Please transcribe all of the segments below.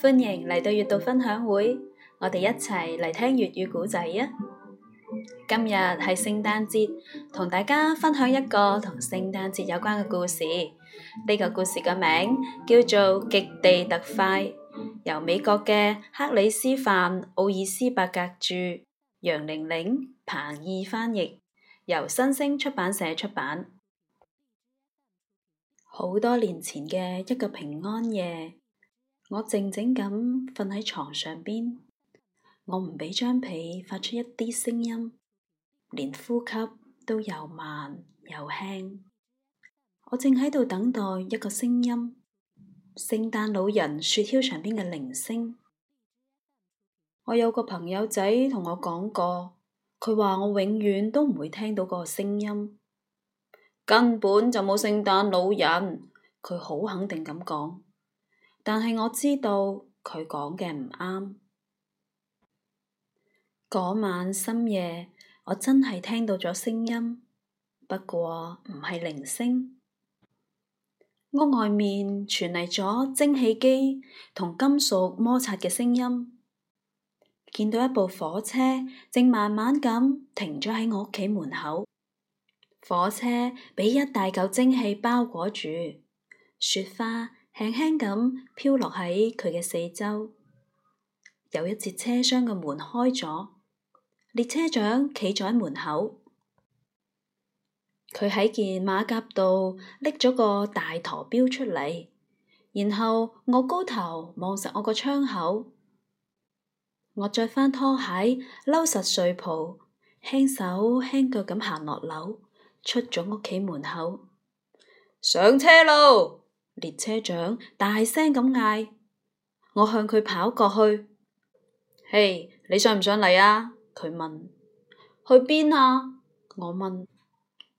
歡迎嚟到閱讀分享會，我哋一齊嚟聽粵語古仔啊！今日係聖誕節，同大家分享一個同聖誕節有關嘅故事。呢個故事嘅名叫做《極地特快》，由美國嘅克里斯范奧爾斯伯格著，楊玲玲、彭意翻譯，由新星出版社出版。好多年前嘅一個平安夜。我靜靜咁瞓喺床上邊，我唔畀張被發出一啲聲音，連呼吸都又慢又輕。我正喺度等待一個聲音，聖誕老人雪橇上邊嘅鈴聲。我有個朋友仔同我講過，佢話我永遠都唔會聽到個聲音，根本就冇聖誕老人。佢好肯定咁講。但係我知道佢講嘅唔啱。嗰晚深夜，我真係聽到咗聲音，不過唔係鈴聲。屋外面傳嚟咗蒸汽機同金屬摩擦嘅聲音。見到一部火車正慢慢咁停咗喺我屋企門口。火車俾一大嚿蒸汽包裹住，雪花輕輕咁飄落喺佢嘅四周，有一節車廂嘅門開咗，列車長企咗喺門口，佢喺件馬甲度拎咗個大陀標出嚟，然後我高頭望實我個窗口，我着翻拖鞋，摟實睡袍，輕手輕腳咁行落樓，出咗屋企門口，上車咯。列車長大聲咁嗌，我向佢跑過去。嘿，hey, 你想唔想嚟啊？佢問。去邊啊？我問。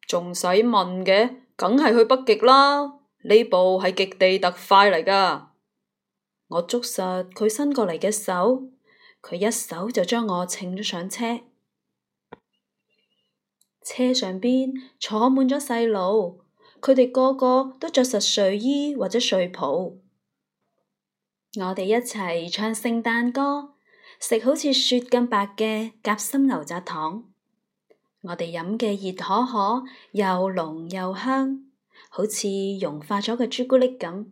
仲使問嘅，梗係去北極啦。呢部係極地特快嚟噶。我捉實佢伸過嚟嘅手，佢一手就將我稱咗上車。車上邊坐滿咗細路。佢哋個個都着實睡衣或者睡袍，我哋一齊唱聖誕歌，食好似雪咁白嘅夾心牛軋糖，我哋飲嘅熱可可又濃又香，好似融化咗嘅朱古力咁。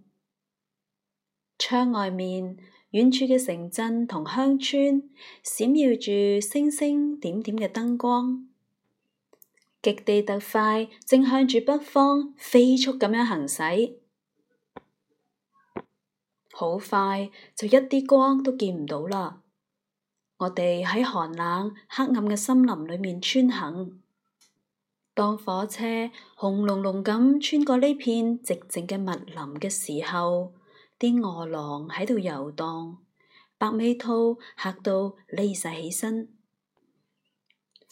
窗外面，遠處嘅城鎮同鄉村閃耀住星星點點嘅燈光。極地特快正向住北方飛速咁樣行駛，好快就一啲光都見唔到啦。我哋喺寒冷黑暗嘅森林裏面穿行，當火車轟隆隆咁穿過呢片寂靜嘅密林嘅時候，啲餓狼喺度遊蕩，白尾兔嚇到匿晒起身。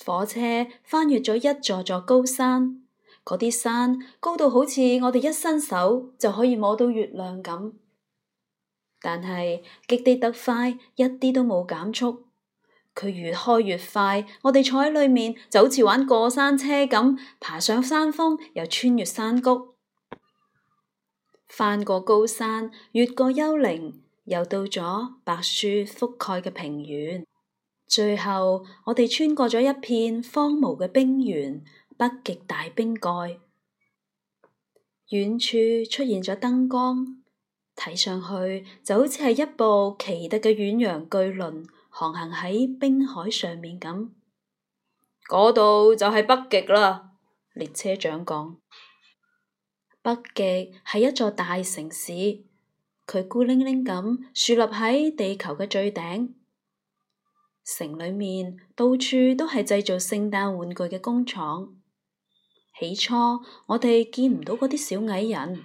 火車翻越咗一座座高山，嗰啲山高到好似我哋一伸手就可以摸到月亮咁。但係極地特快一啲都冇減速，佢越開越快，我哋坐喺裏面就好似玩過山車咁，爬上山峰，又穿越山谷，翻過高山，越過幽靈，又到咗白雪覆蓋嘅平原。最後，我哋穿過咗一片荒蕪嘅冰原，北極大冰蓋。遠處出現咗燈光，睇上去就好似係一部奇特嘅遠洋巨輪航行喺冰海上面咁。嗰度就係北極啦，列車長講。北極係一座大城市，佢孤零零咁豎立喺地球嘅最頂。城裏面到處都係製造聖誕玩具嘅工廠。起初我哋見唔到嗰啲小矮人，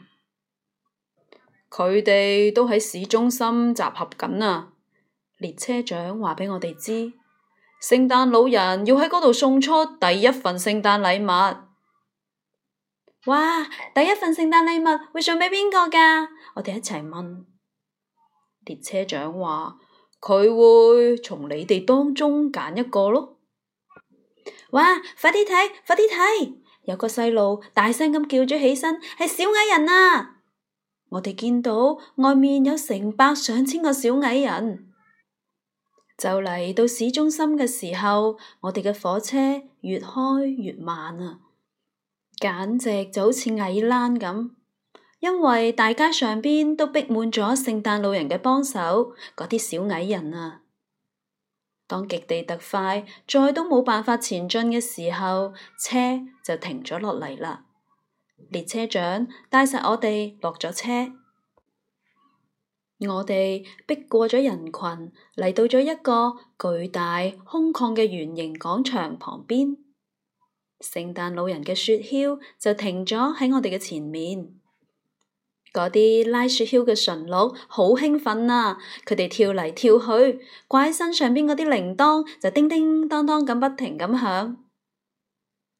佢哋都喺市中心集合緊啊！列車長話畀我哋知，聖誕老人要喺嗰度送出第一份聖誕禮物。哇！第一份聖誕禮物會送俾邊個噶？我哋一齊問。列車長話。佢會從你哋當中揀一個咯。哇，快啲睇，快啲睇！有個細路大聲咁叫咗起身，係小矮人啊！我哋見到外面有成百上千個小矮人。就嚟到市中心嘅時候，我哋嘅火車越開越慢啊，簡直就好似矮欄咁。因為大街上邊都逼滿咗聖誕老人嘅幫手，嗰啲小矮人啊。當極地特快再都冇辦法前進嘅時候，車就停咗落嚟啦。列車長帶晒我哋落咗車，我哋逼過咗人群嚟，到咗一個巨大空曠嘅圓形廣場旁邊，聖誕老人嘅雪橇就停咗喺我哋嘅前面。嗰啲拉雪橇嘅馴鹿好興奮啊！佢哋跳嚟跳去，掛喺身上邊嗰啲鈴鐺就叮叮當當咁不停咁響，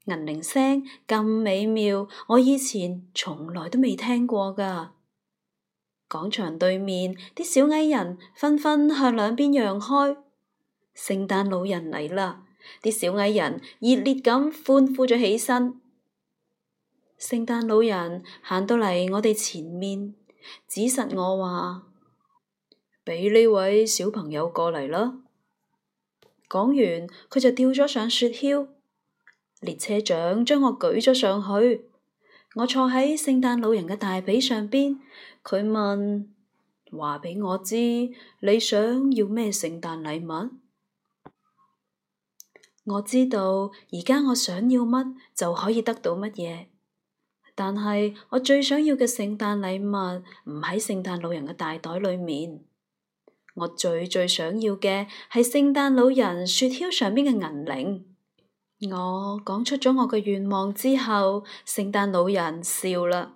銀鈴聲咁美妙，我以前從來都未聽過㗎。廣場對面啲小矮人紛紛向兩邊讓開，聖誕老人嚟啦！啲小矮人熱烈咁歡呼咗起身。聖誕老人行到嚟我哋前面，指實我話，畀呢位小朋友過嚟啦。講完，佢就吊咗上雪橇。列車長將我舉咗上去，我坐喺聖誕老人嘅大髀上邊。佢問，話畀我知你想要咩聖誕禮物？我知道，而家我想要乜就可以得到乜嘢。但係，我最想要嘅聖誕禮物唔喺聖誕老人嘅大袋裏面。我最最想要嘅係聖誕老人雪橇上邊嘅銀鈴。我講出咗我嘅願望之後聖誕老人笑啦，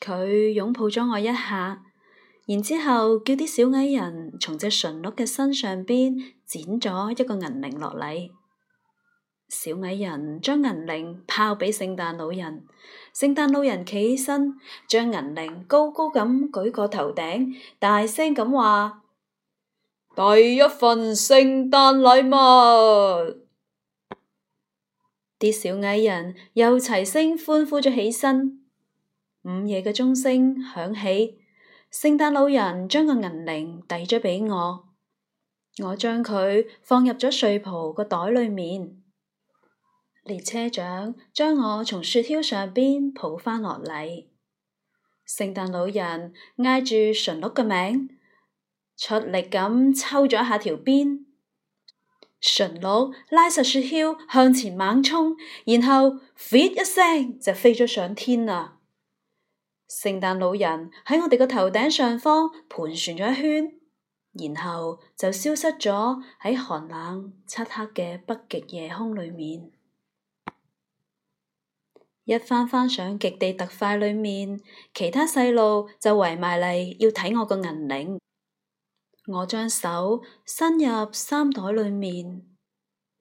佢擁抱咗我一下，然之後叫啲小矮人從隻馴鹿嘅身上邊剪咗一個銀鈴落嚟。小矮人將銀鈴拋俾聖誕老人，聖誕老人企起身，將銀鈴高高咁舉過頭頂，大聲咁話：第一份聖誕禮物！啲小矮人又齊聲歡呼咗起身。午夜嘅鐘聲響起，聖誕老人將個銀鈴遞咗俾我，我將佢放入咗睡袍個袋裏面。列車長將我從雪橇上邊抱返落嚟，聖誕老人嗌住馴鹿嘅名，出力咁抽咗下條鞭，馴鹿拉實雪橇向前猛衝，然後 fit 一聲就飛咗上天啦。聖誕老人喺我哋嘅頭頂上方盤旋咗一圈，然後就消失咗喺寒冷漆黑嘅北極夜空裏面。一返返上極地特快裏面，其他細路就圍埋嚟，要睇我個銀鈴。我將手伸入衫袋裏面，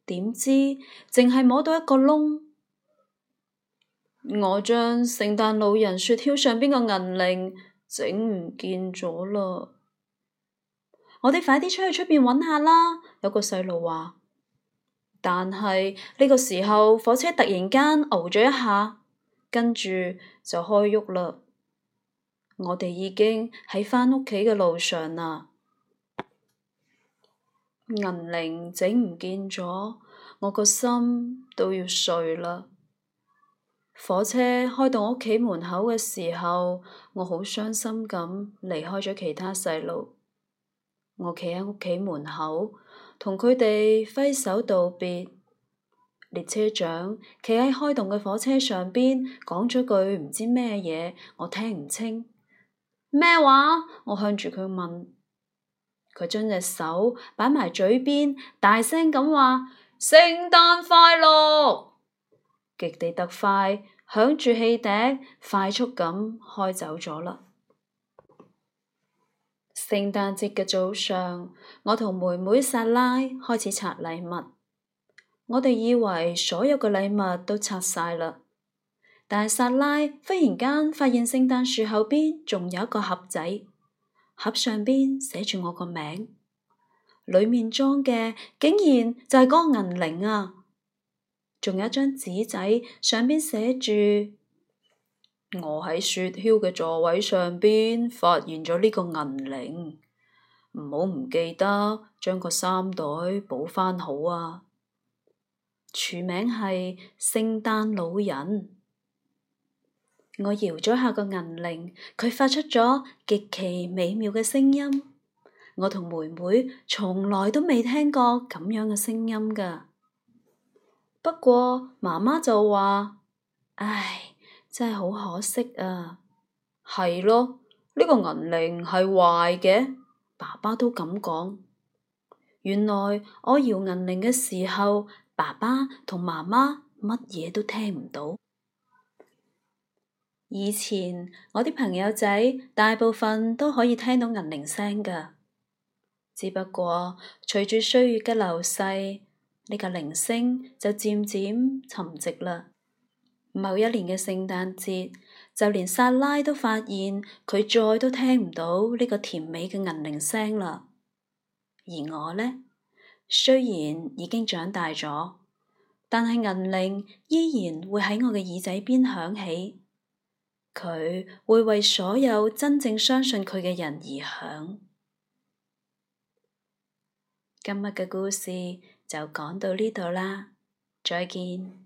點知淨係摸到一個窿。我將聖誕老人雪橇上邊個銀鈴整唔見咗啦！我哋快啲出去出邊揾下啦！有個細路話。但係呢個時候，火車突然間嘔咗一下，跟住就開喐啦。我哋已經喺返屋企嘅路上啦。銀鈴整唔見咗，我個心都要碎啦。火車開到我屋企門口嘅時候，我好傷心咁離開咗其他細路。我企喺屋企門口。同佢哋揮手道別，列車長企喺開動嘅火車上邊，講咗句唔知咩嘢，我聽唔清。咩話？我向住佢問，佢將隻手擺埋嘴邊，大聲咁話聖誕快樂，極地特快響住汽笛，快速咁開走咗啦。聖誕節嘅早上，我同妹妹薩拉開始拆禮物。我哋以為所有嘅禮物都拆晒啦，但係薩拉忽然間發現聖誕樹後邊仲有一個盒仔，盒上邊寫住我個名，裏面裝嘅竟然就係嗰個銀鈴啊，仲有一張紙仔上邊寫住。我喺雪橇嘅座位上邊發現咗呢個銀鈴，唔好唔記得將個衫袋補返好啊！署名係聖誕老人。我搖咗下個銀鈴，佢發出咗極其美妙嘅聲音。我同妹妹從來都未聽過咁樣嘅聲音㗎。不過媽媽就話：唉。真係好可惜啊！係咯，呢個銀鈴係壞嘅，爸爸都咁講。原來我搖銀鈴嘅時候，爸爸同媽媽乜嘢都聽唔到。以前我啲朋友仔大部分都可以聽到銀鈴聲噶，只不過隨住歲月嘅流逝，呢個鈴聲就漸漸沉寂啦。某一年嘅聖誕節，就連薩拉都發現佢再都聽唔到呢個甜美嘅銀鈴聲啦。而我呢，雖然已經長大咗，但係銀鈴依然會喺我嘅耳仔邊響起。佢會為所有真正相信佢嘅人而響。今日嘅故事就講到呢度啦，再見。